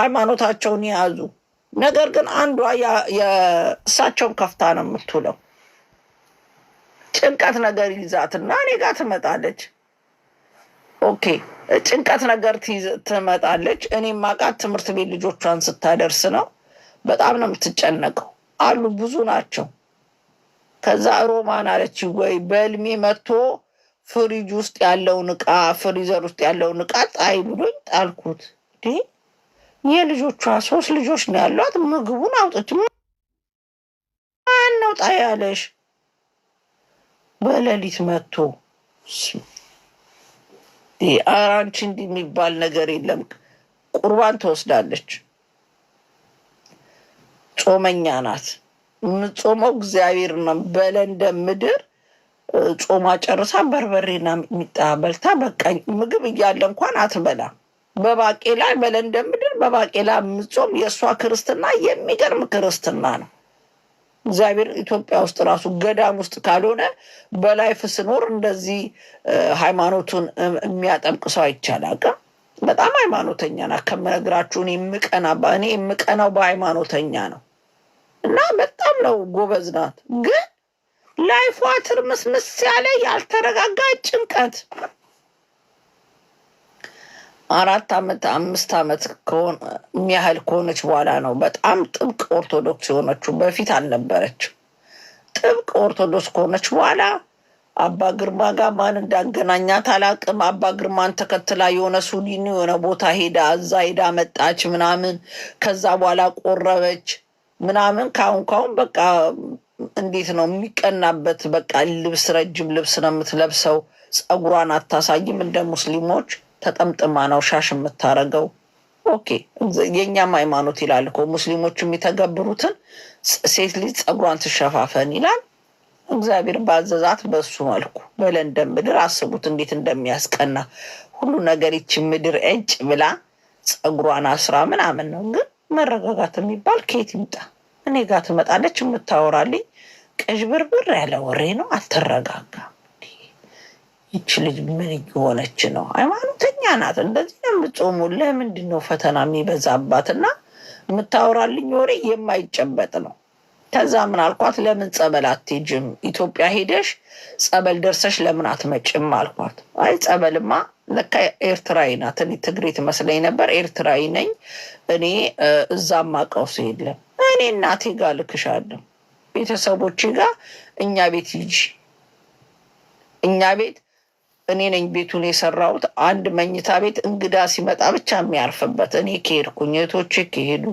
ሃይማኖታቸውን የያዙ ነገር ግን አንዷ የእሳቸውን ከፍታ ነው የምትውለው። ጭንቀት ነገር ይዛትና እኔ ጋር ትመጣለች። ኦኬ ጭንቀት ነገር ትመጣለች። እኔ ማቃት ትምህርት ቤት ልጆቿን ስታደርስ ነው። በጣም ነው የምትጨነቀው። አሉ ብዙ ናቸው። ከዛ ሮማን አለች ወይ በእልሜ መጥቶ ፍሪጅ ውስጥ ያለውን እቃ ፍሪዘር ውስጥ ያለውን እቃ ጣይ ብሎኝ ጣልኩት። የልጆቿ ሶስት ልጆች ነው ያሏት። ምግቡን አውጥች ነው ጣ ያለሽ? በሌሊት መጥቶ ኧረ እንዲህ የሚባል ነገር የለም። ቁርባን ትወስዳለች። ጾመኛ ናት። የምትጾመው እግዚአብሔር ነው። በለንደን ምድር ጾማ ጨርሳ በርበሬና ሚጣ በልታ በቃ ምግብ እያለ እንኳን አትበላም። በባቄላ በለንደን ምድር በባቄላ የምጾም የእሷ ክርስትና የሚገርም ክርስትና ነው። እግዚአብሔር ኢትዮጵያ ውስጥ ራሱ ገዳም ውስጥ ካልሆነ በላይፍ ስኖር እንደዚህ ሃይማኖቱን የሚያጠምቅ ሰው አይቻላቅም። በጣም ሃይማኖተኛ ና ከምነግራችሁ የምቀና እኔ የምቀናው በሃይማኖተኛ ነው እና በጣም ነው ጎበዝ ናት። ግን ላይፏ ትርምስምስ ያለ ያልተረጋጋ ጭንቀት አራት ዓመት አምስት ዓመት የሚያህል ከሆነች በኋላ ነው በጣም ጥብቅ ኦርቶዶክስ የሆነችው። በፊት አልነበረችው። ጥብቅ ኦርቶዶክስ ከሆነች በኋላ አባ ግርማ ጋር ማን እንዳገናኛት አላቅም። አባ ግርማን ተከትላ የሆነ ሱዲኒ የሆነ ቦታ ሄዳ እዛ ሄዳ መጣች ምናምን። ከዛ በኋላ ቆረበች ምናምን። ካሁን ካሁን በቃ እንዴት ነው የሚቀናበት? በቃ ልብስ ረጅም ልብስ ነው የምትለብሰው። ፀጉሯን አታሳይም እንደ ሙስሊሞች ተጠምጥማ ነው ሻሽ የምታረገው። ኦኬ የእኛም ሃይማኖት ይላል እኮ ሙስሊሞች የሚተገብሩትን ሴት ልጅ ጸጉሯን ትሸፋፈን ይላል። እግዚአብሔር ባዘዛት በሱ መልኩ በለንደን ምድር አስቡት እንዴት እንደሚያስቀና ሁሉ ነገር ይች ምድር እጭ ብላ ጸጉሯን አስራ ምናምን ነው። ግን መረጋጋት የሚባል ከየት ይምጣ? እኔ ጋር ትመጣለች የምታወራልኝ ብርብር ያለ ወሬ ነው። አልተረጋጋም። ይች ልጅ ምን እየሆነች ነው? ሃይማኖተኛ ናት። እንደዚህ ነው የምትጾመው። ለምንድን ነው ፈተና የሚበዛባት? እና የምታወራልኝ ወሬ የማይጨበጥ ነው። ከዛ ምን አልኳት፣ ለምን ጸበል አትሄጂም? ኢትዮጵያ ሄደሽ ጸበል ደርሰሽ ለምን አትመጭም አልኳት። አይ ጸበልማ ለካ ኤርትራዊ ናት። እኔ ትግሬ ትመስለኝ ነበር። ኤርትራዊ ነኝ እኔ። እዛማ ቀውስ የለም። እኔ እናቴ ጋር ልክሻለሁ፣ ቤተሰቦቼ ጋር እኛ ቤት ሂጂ እኛ ቤት እኔ ነኝ ቤቱን የሰራሁት። አንድ መኝታ ቤት እንግዳ ሲመጣ ብቻ የሚያርፍበት እኔ ከሄድኩኝ እህቶቼ ከሄዱ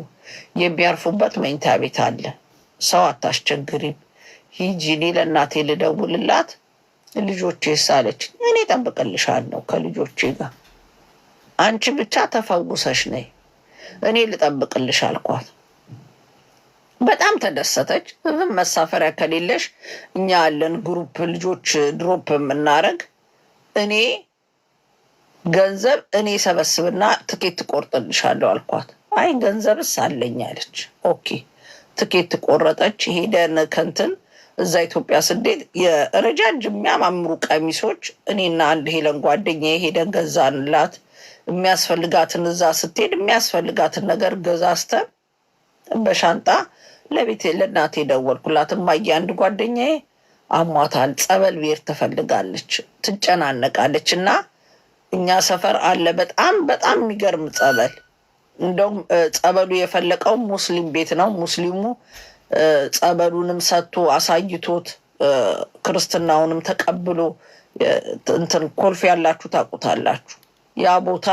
የሚያርፉበት መኝታ ቤት አለ። ሰው አታስቸግሪም፣ ሂጂ እኔ ለእናቴ ልደውልላት ልጆቼ ሳለች እኔ እጠብቅልሻለሁ ከልጆቼ ጋር አንቺ ብቻ ተፈውሰሽ ነይ እኔ ልጠብቅልሽ አልኳት። በጣም ተደሰተች። መሳፈሪያ ከሌለሽ እኛ ያለን ግሩፕ ልጆች ድሮፕ የምናደረግ እኔ ገንዘብ እኔ ሰበስብና ትኬት ትቆርጥልሻለሁ አልኳት። አይ ገንዘብስ አለኝ አለች። ኦኬ ትኬት ትቆረጠች። ሄደን ከንትን እዛ ኢትዮጵያ ስዴት የረጃጅ የሚያማምሩ ቀሚሶች እኔና አንድ ሄለን ጓደኛ ሄደን ገዛንላት። የሚያስፈልጋትን እዛ ስትሄድ የሚያስፈልጋትን ነገር ገዛዝተን በሻንጣ ለቤት ለእናቴ ደወልኩላት። እማዬ አንድ ጓደኛዬ አሟታል፣ ጸበል ቤር ትፈልጋለች፣ ትጨናነቃለች። እና እኛ ሰፈር አለ በጣም በጣም የሚገርም ጸበል። እንደውም ጸበሉ የፈለቀው ሙስሊም ቤት ነው። ሙስሊሙ ጸበሉንም ሰጥቶ አሳይቶት ክርስትናውንም ተቀብሎ እንትን ኮልፌ ያላችሁ ታውቁታላችሁ። ያ ቦታ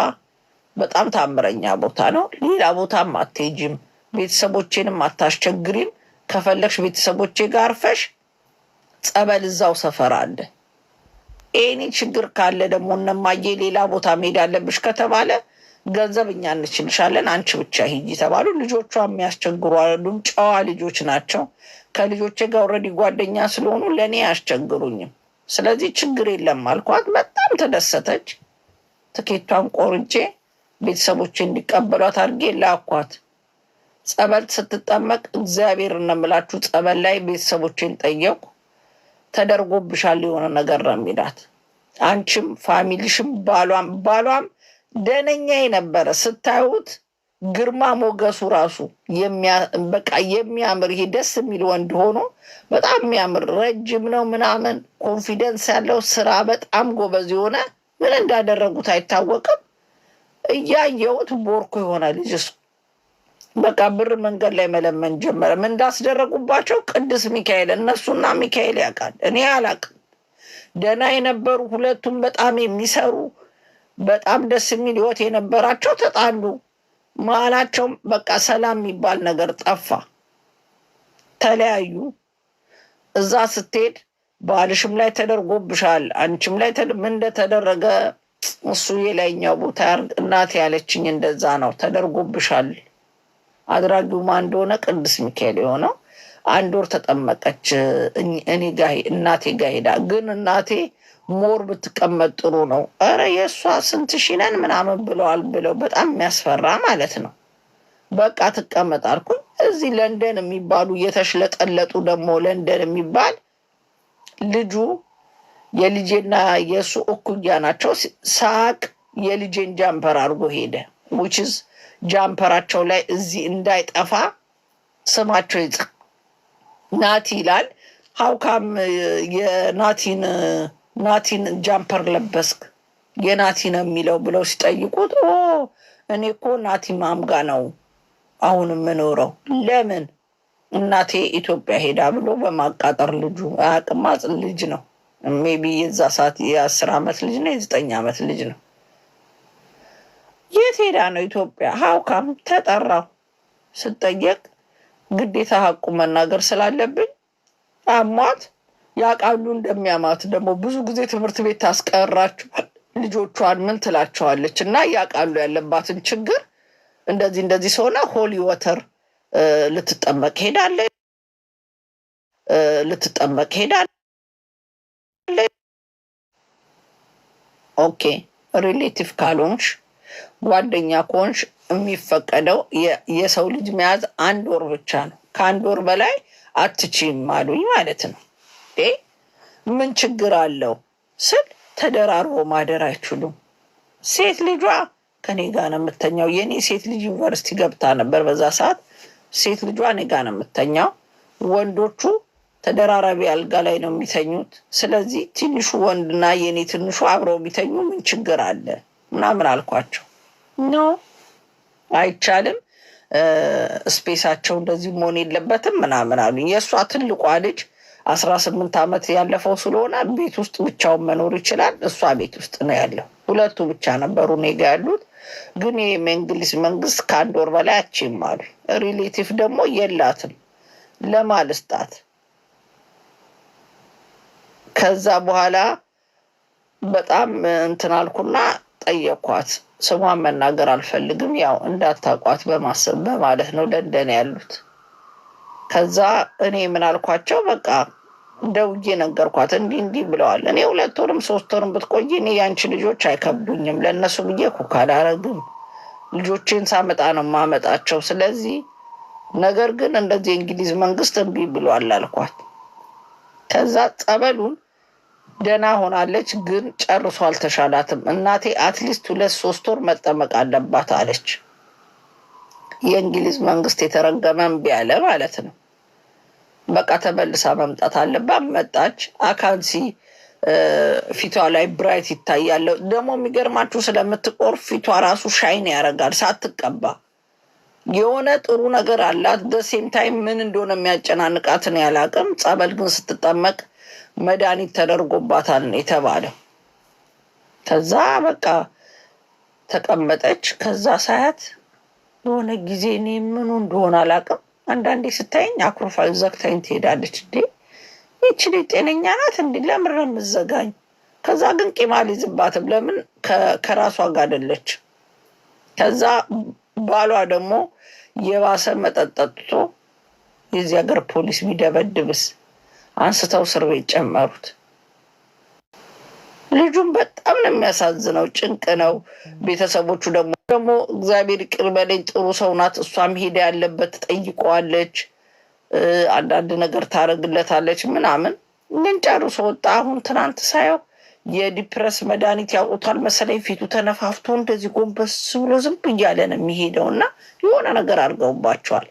በጣም ታምረኛ ቦታ ነው። ሌላ ቦታም አትሄጂም፣ ቤተሰቦቼንም አታስቸግሪም። ከፈለግሽ ቤተሰቦቼ ጋር አርፈሽ ጸበል እዛው ሰፈር አለ። ይህኔ ችግር ካለ ደግሞ እነማዬ ሌላ ቦታ መሄድ አለብሽ ከተባለ ገንዘብ እኛ እንችልሻለን፣ አንቺ ብቻ ሂጂ ተባሉ። ልጆቿ የሚያስቸግሩ አሉም ጨዋ ልጆች ናቸው። ከልጆቼ ጋር ኦልሬዲ ጓደኛ ስለሆኑ ለእኔ አያስቸግሩኝም። ስለዚህ ችግር የለም አልኳት። በጣም ተደሰተች። ትኬቷን ቆርጬ ቤተሰቦቼ እንዲቀበሏት አድርጌ ላኳት። ጸበል ስትጠመቅ እግዚአብሔር እነምላችሁ ጸበል ላይ ቤተሰቦቼን ጠየቁ። ተደርጎብሻል የሆነ ነገር ነው የሚላት። አንቺም ፋሚሊሽም ባሏም ባሏም ደነኛ ነበረ ስታዩት ግርማ ሞገሱ ራሱ በቃ የሚያምር ይሄ ደስ የሚል ወንድ ሆኖ በጣም የሚያምር ረጅም ነው ምናምን ኮንፊደንስ ያለው ስራ በጣም ጎበዝ የሆነ ምን እንዳደረጉት አይታወቅም። እያየሁት ቦርኮ የሆነ ልጅ በቃ ብር መንገድ ላይ መለመን ጀመረ። ምን እንዳስደረጉባቸው ቅዱስ ሚካኤል እነሱና ሚካኤል ያውቃል፣ እኔ አላውቅም። ደህና የነበሩ ሁለቱም በጣም የሚሰሩ በጣም ደስ የሚል ህይወት የነበራቸው ተጣሉ። መሀላቸውም በቃ ሰላም የሚባል ነገር ጠፋ፣ ተለያዩ። እዛ ስትሄድ ባልሽም ላይ ተደርጎብሻል፣ አንቺም ላይ ምን እንደተደረገ እሱ የላይኛው ቦታ እናቴ ያለችኝ እንደዛ ነው ተደርጎብሻል አድራጊው ማን እንደሆነ ቅዱስ ሚካኤል የሆነው አንድ ወር ተጠመቀች። እኔ ጋ እናቴ ጋ ሄዳ ግን እናቴ ሞር ብትቀመጥ ጥሩ ነው፣ ኧረ የእሷ ስንት ሺነን ምናምን ብለዋል ብለው በጣም የሚያስፈራ ማለት ነው። በቃ ትቀመጥ አልኩኝ። እዚህ ለንደን የሚባሉ እየተሽለጠለጡ ደግሞ ለንደን የሚባል ልጁ የልጄና የእሱ እኩያ ናቸው። ሳቅ የልጄን ጃምፐር አድርጎ ሄደ ዊችዝ ጃምፐራቸው ላይ እዚህ እንዳይጠፋ ስማቸው ይጽ ናቲ ይላል። ሀውካም uh, የናቲን uh, ናቲን ጃምፐር ለበስክ የናቲ ነው የሚለው ብለው ሲጠይቁት እኔ እኮ ናቲ ማምጋ ነው አሁን የምኖረው ለምን እናቴ ኢትዮጵያ ሄዳ ብሎ በማቃጠር ልጁ አቅማጽ ልጅ ነው ሜቢ የዛ ሰዓት የአስር ዓመት ልጅ ነው የዘጠኝ ዓመት ልጅ ነው። የት ሄዳ ነው ኢትዮጵያ ሀውካም ተጠራው ስጠየቅ ግዴታ ሀቁ መናገር ስላለብኝ አሟት ያውቃሉ እንደሚያማት ደግሞ ብዙ ጊዜ ትምህርት ቤት ታስቀራችኋል ልጆቿን ምን ትላቸዋለች እና ያውቃሉ ያለባትን ችግር እንደዚህ እንደዚህ ሰሆነ ሆሊ ወተር ልትጠመቅ ሄዳለ ልትጠመቅ ሄዳለ ኦኬ ሪሌቲቭ ካልሆንሽ ጓደኛ ከሆንሽ የሚፈቀደው የሰው ልጅ መያዝ አንድ ወር ብቻ ነው። ከአንድ ወር በላይ አትችም አሉኝ ማለት ነው። ምን ችግር አለው ስል ተደራርቦ ማደር አይችሉም። ሴት ልጇ ከኔ ጋ ነው የምተኛው። የኔ ሴት ልጅ ዩኒቨርሲቲ ገብታ ነበር በዛ ሰዓት። ሴት ልጇ እኔ ጋ ነው የምተኛው። ወንዶቹ ተደራራቢ አልጋ ላይ ነው የሚተኙት። ስለዚህ ትንሹ ወንድና የኔ ትንሹ አብረው የሚተኙ ምን ችግር አለ? ምናምን አልኳቸው። አይቻልም፣ ስፔሳቸው እንደዚህ መሆን የለበትም ምናምን አሉኝ። የእሷ ትልቋ ልጅ አስራ ስምንት ዓመት ያለፈው ስለሆነ ቤት ውስጥ ብቻውን መኖር ይችላል። እሷ ቤት ውስጥ ነው ያለው። ሁለቱ ብቻ ነበሩ እኔ ጋ ያሉት። ግን የእንግሊዝ መንግስት ከአንድ ወር በላይ አችም አሉ። ሪሌቲቭ ደግሞ የላትም ለማልስጣት ከዛ በኋላ በጣም እንትን አልኩና ጠየኳት። ስሟን መናገር አልፈልግም፣ ያው እንዳታቋት በማሰብ በማለት ነው ለንደን ያሉት። ከዛ እኔ ምን አልኳቸው፣ በቃ ደውዬ ነገርኳት። እንዲህ እንዲህ ብለዋል። እኔ ሁለት ወርም ሶስት ወርም ብትቆይ እኔ ያንቺ ልጆች አይከብዱኝም፣ ለእነሱ ብዬ ኩክ አላረግም። ልጆቼን ሳመጣ ነው ማመጣቸው። ስለዚህ ነገር ግን እንደዚህ የእንግሊዝ መንግስት እምቢ ብሏል አልኳት። ከዛ ጸበሉን ደህና ሆናለች፣ ግን ጨርሶ አልተሻላትም። እናቴ አትሊስት ሁለት ሶስት ወር መጠመቅ አለባት አለች። የእንግሊዝ መንግስት የተረገመ እምቢ አለ ማለት ነው። በቃ ተመልሳ መምጣት አለባት። መጣች። አካንሲ ፊቷ ላይ ብራይት ይታያለው። ደግሞ የሚገርማችሁ ስለምትቆር ፊቷ ራሱ ሻይን ያደርጋል ሳትቀባ። የሆነ ጥሩ ነገር አላት። ደሴም ታይም ምን እንደሆነ የሚያጨናንቃትን ያላቅም። ጸበል ግን ስትጠመቅ መድኃኒት ተደርጎባታል ነው የተባለው። ከዛ በቃ ተቀመጠች። ከዛ ሳያት የሆነ ጊዜ እኔ ምኑ እንደሆነ አላውቅም፣ አንዳንዴ ስታይኝ አኩርፋ ዘግታኝ ትሄዳለች። እንዴ ይቺ ጤነኛ ናት? እንዲ ለምን ነው የምዘጋኝ? ከዛ ግን ቂም አልይዝባትም። ለምን ከራሷ ጋር አይደለች። ከዛ ባሏ ደግሞ የባሰ መጠጥ ጠጥቶ የዚህ ሀገር ፖሊስ የሚደበድብስ አንስተው እስር ቤት ጨመሩት። ልጁም በጣም ነው የሚያሳዝነው። ጭንቅ ነው። ቤተሰቦቹ ደግሞ ደግሞ እግዚአብሔር ይቅር በለኝ ጥሩ ሰው ናት። እሷም ሄደ ያለበት ጠይቀዋለች፣ አንዳንድ ነገር ታደርግለታለች ምናምን። ግን ጨርሶ ወጣ። አሁን ትናንት ሳየው የዲፕረስ መድኃኒት ያውቁታል መሰለኝ። ፊቱ ተነፋፍቶ እንደዚህ ጎንበስ ብሎ ዝም ብሎ ነው የሚሄደው እና የሆነ ነገር አድርገውባቸዋል።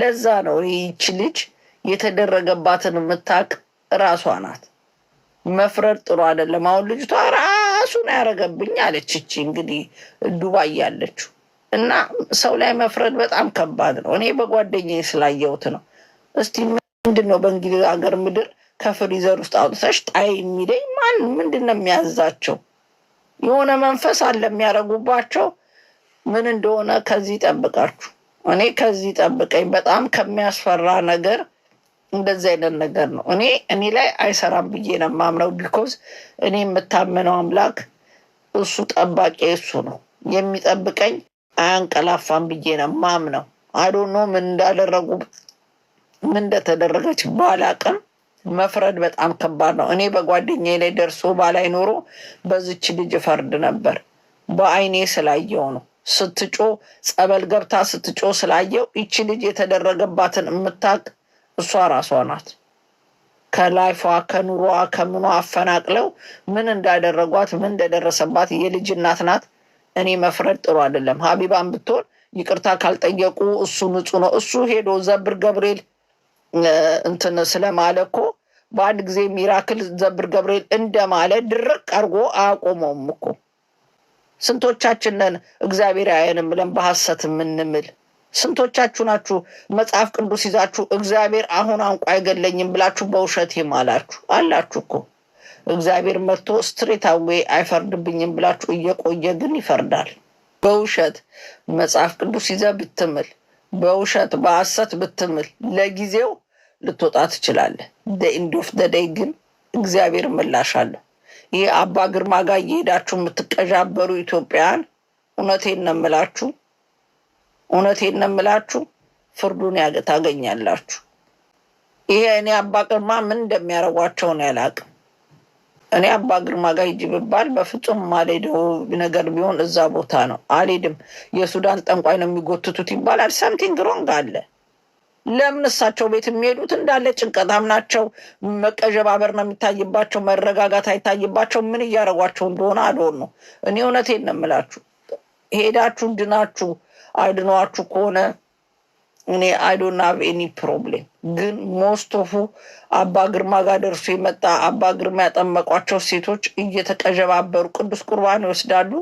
ለዛ ነው ይቺ ልጅ የተደረገባትን የምታውቅ ራሷ ናት። መፍረድ ጥሩ አይደለም። አሁን ልጅቷ ራሱን ያደረገብኝ አለች። እቺ እንግዲህ ዱባይ ያለችው እና ሰው ላይ መፍረድ በጣም ከባድ ነው። እኔ በጓደኝ ስላየሁት ነው። እስቲ ምንድን ነው በእንግሊዝ ሀገር ምድር ከፍሪዘር ውስጥ አውጥተሽ ጣይ የሚለኝ ማን? ምንድን ነው የሚያዛቸው? የሆነ መንፈስ አለ የሚያደርጉባቸው ምን እንደሆነ ከዚህ ጠብቃችሁ እኔ ከዚህ ጠብቀኝ። በጣም ከሚያስፈራ ነገር እንደዚህ አይነት ነገር ነው። እኔ እኔ ላይ አይሰራም ብዬ ነው የማምነው። ቢኮዝ እኔ የምታምነው አምላክ እሱ ጠባቂ እሱ ነው የሚጠብቀኝ፣ አያንቀላፋም ብዬ ነው የማምነው። ኖ ምን እንዳደረጉ ምን እንደተደረገች ባላቅም መፍረድ በጣም ከባድ ነው። እኔ በጓደኛ ላይ ደርሶ ባላይ ኖሮ በዝች ልጅ ፈርድ ነበር። በአይኔ ስላየው ነው ስትጮ ጸበል ገብታ ስትጮ ስላየው ይቺ ልጅ የተደረገባትን የምታቅ እሷ ራሷ ናት። ከላይፏ ከኑሮዋ ከምኗ አፈናቅለው ምን እንዳደረጓት ምን እንደደረሰባት የልጅ እናት ናት። እኔ መፍረድ ጥሩ አይደለም። ሀቢባን ብትሆን ይቅርታ ካልጠየቁ እሱ ንጹህ ነው። እሱ ሄዶ ዘብር ገብርኤል እንትን ስለማለ እኮ በአንድ ጊዜ ሚራክል ዘብር ገብርኤል እንደማለ ድርቅ አድርጎ አያቆመውም እኮ። ስንቶቻችንን እግዚአብሔር ያየንም ብለን በሀሰት የምንምል ስንቶቻችሁ ናችሁ መጽሐፍ ቅዱስ ይዛችሁ እግዚአብሔር አሁን አንቋ አይገለኝም ብላችሁ በውሸት ይማላችሁ አላችሁ እኮ እግዚአብሔር መጥቶ ስትሬት አዌ አይፈርድብኝም ብላችሁ እየቆየ ግን ይፈርዳል። በውሸት መጽሐፍ ቅዱስ ይዘ ብትምል፣ በውሸት በአሰት ብትምል ለጊዜው ልትወጣ ትችላለህ። ኢንድ ኦፍ ግን እግዚአብሔር ምላሽ አለሁ። ይህ አባ ግርማ ጋር እየሄዳችሁ የምትቀዣበሩ ኢትዮጵያን እውነቴን ነው የምላችሁ እውነቴን ነው የምላችሁ፣ ፍርዱን ታገኛላችሁ። ይሄ እኔ አባ ግርማ ምን እንደሚያረጓቸው ነው ያላቅም። እኔ አባ ግርማ ጋር ሂጂ ብባል በፍጹም ማልሄደው ነገር ቢሆን እዛ ቦታ ነው አልሄድም። የሱዳን ጠንቋይ ነው የሚጎትቱት ይባላል። ሰምቲንግ ሮንግ አለ። ለምን እሳቸው ቤት የሚሄዱት እንዳለ ጭንቀታም ናቸው። መቀዠባበር ነው የሚታይባቸው፣ መረጋጋት አይታይባቸው። ምን እያረጓቸው እንደሆነ አልሆን ነው። እኔ እውነቴን ነው የምላችሁ ሄዳችሁ እንድናችሁ አድኗችሁ ከሆነ እኔ አይዶን ሀቭ ኤኒ ፕሮብሌም። ግን ሞስቶፉ አባ ግርማ ጋር ደርሶ የመጣ አባ ግርማ ያጠመቋቸው ሴቶች እየተቀዠባበሩ ቅዱስ ቁርባን ይወስዳሉ።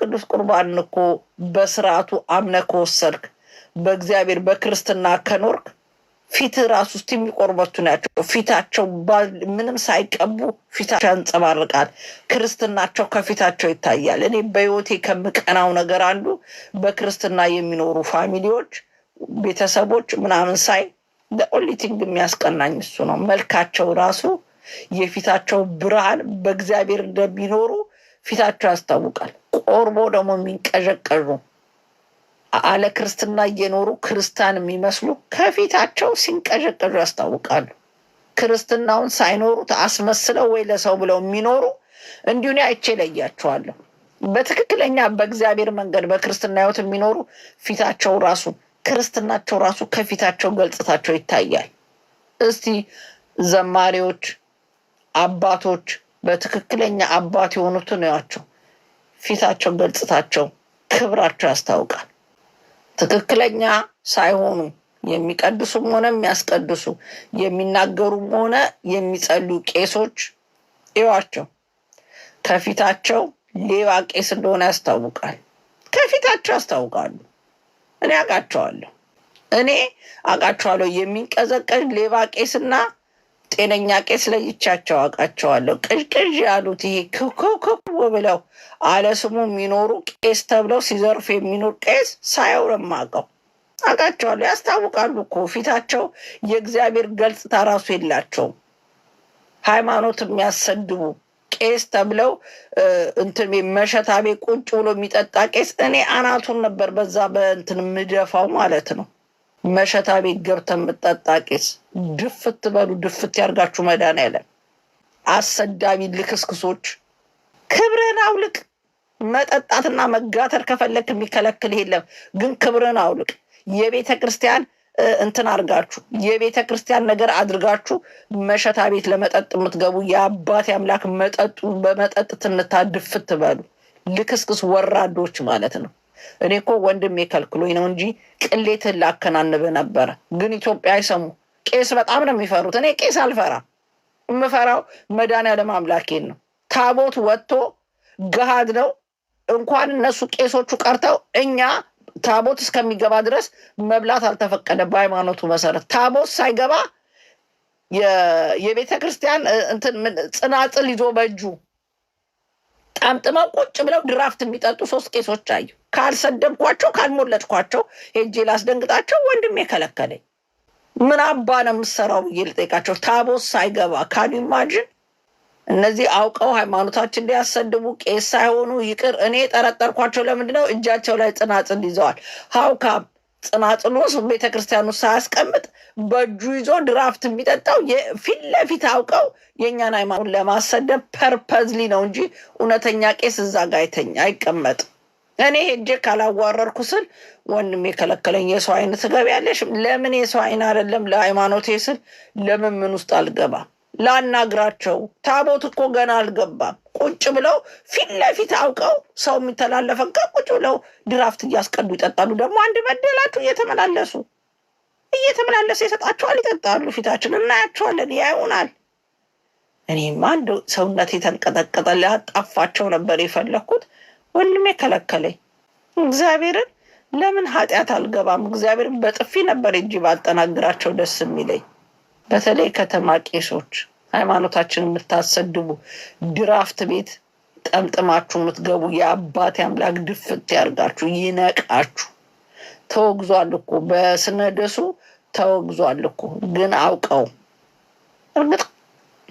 ቅዱስ ቁርባን እኮ በስርዓቱ አምነ ከወሰድክ በእግዚአብሔር በክርስትና ከኖርክ ፊት ራሱ ውስጥ የሚቆርበቱ ናቸው። ፊታቸው ምንም ሳይቀቡ ፊታቸው ያንጸባርቃል። ክርስትናቸው ከፊታቸው ይታያል። እኔ በህይወቴ ከምቀናው ነገር አንዱ በክርስትና የሚኖሩ ፋሚሊዎች፣ ቤተሰቦች ምናምን ሳይ ለኦሊቲንግ የሚያስቀናኝ እሱ ነው። መልካቸው ራሱ የፊታቸው ብርሃን በእግዚአብሔር እንደሚኖሩ ፊታቸው ያስታውቃል። ቆርቦ ደግሞ የሚንቀዠቀዡ አለ ክርስትና እየኖሩ ክርስቲያን የሚመስሉ ከፊታቸው ሲንቀዠቀዡ ያስታውቃሉ። ክርስትናውን ሳይኖሩት አስመስለው ወይ ለሰው ብለው የሚኖሩ እንዲሁ አይቼ ለያቸዋለሁ። በትክክለኛ በእግዚአብሔር መንገድ በክርስትና ህይወት የሚኖሩ ፊታቸው ራሱ ክርስትናቸው ራሱ ከፊታቸው ገልጽታቸው ይታያል። እስቲ ዘማሪዎች፣ አባቶች በትክክለኛ አባት የሆኑትን እዩዋቸው። ፊታቸው ገልጽታቸው ክብራቸው ያስታውቃል። ትክክለኛ ሳይሆኑ የሚቀድሱም ሆነ የሚያስቀድሱ የሚናገሩም ሆነ የሚጸሉ ቄሶች እዩዋቸው። ከፊታቸው ሌባ ቄስ እንደሆነ ያስታውቃል። ከፊታቸው ያስታውቃሉ። እኔ አውቃቸዋለሁ እኔ አውቃቸዋለሁ። የሚንቀዘቀዝ ሌባ ቄስና ጤነኛ ቄስ ለይቻቸው አውቃቸዋለሁ። ቅዥቅዥ ያሉት ይሄ ክክክ ብለው አለስሙ የሚኖሩ ቄስ ተብለው ሲዘርፍ የሚኖር ቄስ ሳያውር የማውቀው አውቃቸዋለሁ። ያስታውቃሉ እኮ ፊታቸው የእግዚአብሔር ገጽታ ራሱ የላቸውም። ሃይማኖት የሚያሰድቡ ቄስ ተብለው እንትን መሸታቤ ቁጭ ብሎ የሚጠጣ ቄስ እኔ አናቱን ነበር በዛ በእንትን የምደፋው ማለት ነው። መሸታ ቤት ገብተን ምጠጣቂስ ድፍት በሉ ድፍት ያርጋችሁ መድኃኒዓለም። አሰዳቢ ልክስክሶች ክብርን አውልቅ። መጠጣትና መጋተር ከፈለግ የሚከለክል የለም፣ ግን ክብርን አውልቅ። የቤተ ክርስቲያን እንትን አርጋችሁ የቤተ ክርስቲያን ነገር አድርጋችሁ መሸታ ቤት ለመጠጥ የምትገቡ የአባት አምላክ መጠጡ በመጠጥ ትንታ ድፍት በሉ ልክስክስ ወራዶች ማለት ነው። እኔ እኮ ወንድሜ ከልክሎኝ ነው እንጂ ቅሌትን ላከናንብ ነበረ። ግን ኢትዮጵያ አይሰሙ። ቄስ በጣም ነው የሚፈሩት። እኔ ቄስ አልፈራም። የምፈራው መድኃኒዓለም አምላኬን ነው። ታቦት ወጥቶ ገሃድ ነው። እንኳን እነሱ ቄሶቹ ቀርተው እኛ ታቦት እስከሚገባ ድረስ መብላት አልተፈቀደ በሃይማኖቱ መሰረት። ታቦት ሳይገባ የቤተ ክርስቲያን ጽናጽል ይዞ በእጁ ጠምጥመው ቁጭ ብለው ድራፍት የሚጠጡ ሶስት ቄሶች አየሁ። ካልሰደብኳቸው ካልሞለድኳቸው ሄጄ ላስደንግጣቸው ወንድሜ የከለከለኝ። ምን አባ ነው የምሰራው ብዬ ልጠይቃቸው። ታቦት ሳይገባ ካን ኢማጅን እነዚህ አውቀው ሃይማኖታችን እንዲያሰድቡ ቄስ ሳይሆኑ ይቅር። እኔ ጠረጠርኳቸው። ለምንድን ነው? እጃቸው ላይ ጽናጽን ይዘዋል። ሀውካም ጽናጽኖ ውስጥ ቤተክርስቲያኑ ሳያስቀምጥ በእጁ ይዞ ድራፍት የሚጠጣው ፊት ለፊት አውቀው የእኛን ሃይማኖት ለማሰደብ ፐርፐዝሊ ነው እንጂ እውነተኛ ቄስ እዛ ጋ አይተኛ አይቀመጥም። እኔ ሄጄ ካላዋረርኩ ስል ወንድም የከለከለኝ የሰው አይን ትገቢያለሽ? ለምን የሰው አይን አይደለም ለሃይማኖቴ ስል ለምን ምን ውስጥ አልገባም ላናግራቸው ታቦት እኮ ገና አልገባም። ቁጭ ብለው ፊት ለፊት አውቀው ሰው የሚተላለፈን ቀን ቁጭ ብለው ድራፍት እያስቀዱ ይጠጣሉ። ደግሞ አንድ መደላቱ እየተመላለሱ እየተመላለሱ ይሰጣቸዋል፣ ይጠጣሉ። ፊታችን እናያቸዋለን፣ ያዩናል። እኔማ አንድ ሰውነት የተንቀጠቀጠ ላጣፋቸው ነበር የፈለግኩት። ወንድሜ ከለከለኝ። እግዚአብሔርን ለምን ኃጢአት አልገባም? እግዚአብሔርን በጥፊ ነበር እጅ ባልጠናግራቸው ደስ የሚለኝ። በተለይ ከተማ ቄሶች፣ ሃይማኖታችን የምታሰድቡ ድራፍት ቤት ጠምጥማችሁ የምትገቡ የአባት አምላክ ድፍት ያርጋችሁ፣ ይነቃችሁ። ተወግዟል እኮ በስነደሱ ተወግዟል እኮ ግን አውቀው እርግጥ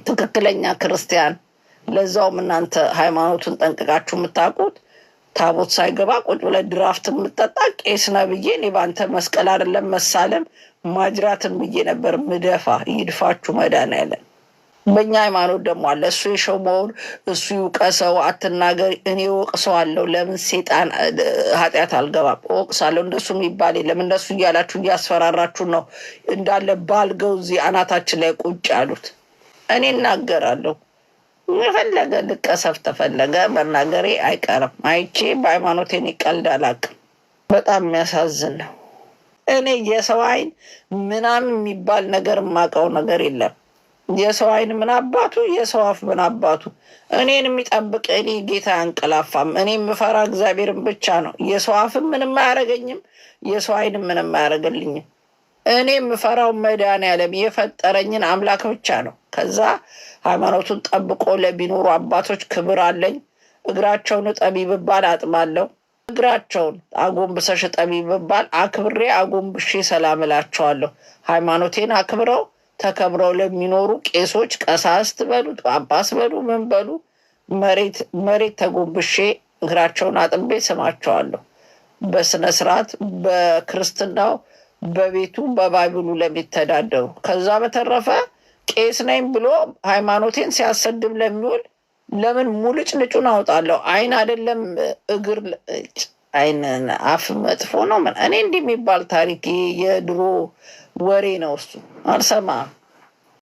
ትክክለኛ ክርስቲያን ለዛውም እናንተ ሃይማኖቱን ጠንቅቃችሁ የምታውቁት ታቦት ሳይገባ ቁጭ ብለህ ድራፍት የምጠጣ ቄስ ነህ ብዬ እኔ በአንተ መስቀል አይደለም መሳለም ማጅራትን ብዬ ነበር ምደፋ። ይድፋችሁ መድኃኒዓለም። በእኛ ሃይማኖት ደግሞ አለ እሱ የሾመውን እሱ ይውቀሰው አትናገር። እኔ እወቅሰዋለሁ። ለምን ሴጣን ኃጢአት አልገባም ወቅሳለሁ። እንደሱ የሚባል የለም። እንደሱ እያላችሁ እያስፈራራችሁ ነው። እንዳለ ባልገው እዚህ አናታችን ላይ ቁጭ ያሉት እኔ እናገራለሁ። የፈለገ ልቀሰፍ ተፈለገ መናገሬ አይቀርም። አይቼ በሃይማኖት ቀልድ አላውቅም። በጣም የሚያሳዝን ነው። እኔ የሰው አይን ምናምን የሚባል ነገር የማውቀው ነገር የለም። የሰው አይን ምን አባቱ፣ የሰው አፍ ምን አባቱ። እኔን የሚጠብቅ እኔ ጌታ አንቀላፋም። እኔ የምፈራ እግዚአብሔርን ብቻ ነው። የሰው አፍም ምንም አያደርገኝም፣ የሰው አይን ምንም አያደርግልኝም። እኔ የምፈራው መድኃኔዓለም የፈጠረኝን አምላክ ብቻ ነው። ከዛ ሃይማኖቱን ጠብቆ ለሚኖሩ አባቶች ክብር አለኝ። እግራቸውን እጠቢ ብባል አጥባለሁ። እግራቸውን አጎንብሰሽ እጠቢ ብባል አክብሬ አጎንብሼ ሰላም እላቸዋለሁ። ሃይማኖቴን አክብረው ተከብረው ለሚኖሩ ቄሶች፣ ቀሳስት በሉ ጳጳስ በሉ ምን በሉ መሬት ተጎንብሼ እግራቸውን አጥቤ ስማቸዋለሁ። በስነ ስርዓት በክርስትናው በቤቱ በባይብሉ ለሚተዳደሩ ከዛ በተረፈ ቄስ ነኝ ብሎ ሃይማኖቴን ሲያሰድብ ለሚውል ለምን ሙልጭ ንጩን አውጣለሁ? አይን አይደለም እግር አይን አፍ መጥፎ ነው። እኔ እንዲህ የሚባል ታሪክ የድሮ ወሬ ነው። እሱ አልሰማም።